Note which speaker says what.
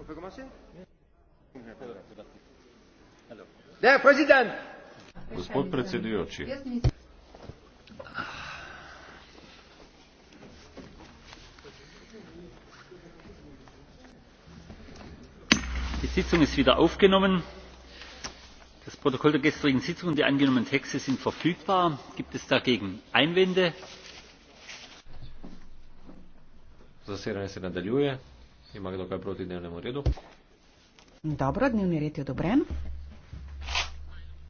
Speaker 1: On peut commencer
Speaker 2: Da, prezident. Gospod
Speaker 3: predsedujoči.
Speaker 4: Die Sitzung ist wieder aufgenommen. Das Protokoll der gestrigen Sitzung und die angenommenen Texte sind
Speaker 5: verfügbar. Gibt es dagegen Einwände? Zasedanje se nadaljuje. Ima kdo kaj proti dnevnemu redu?
Speaker 6: Dobro, dnevni red je odobren.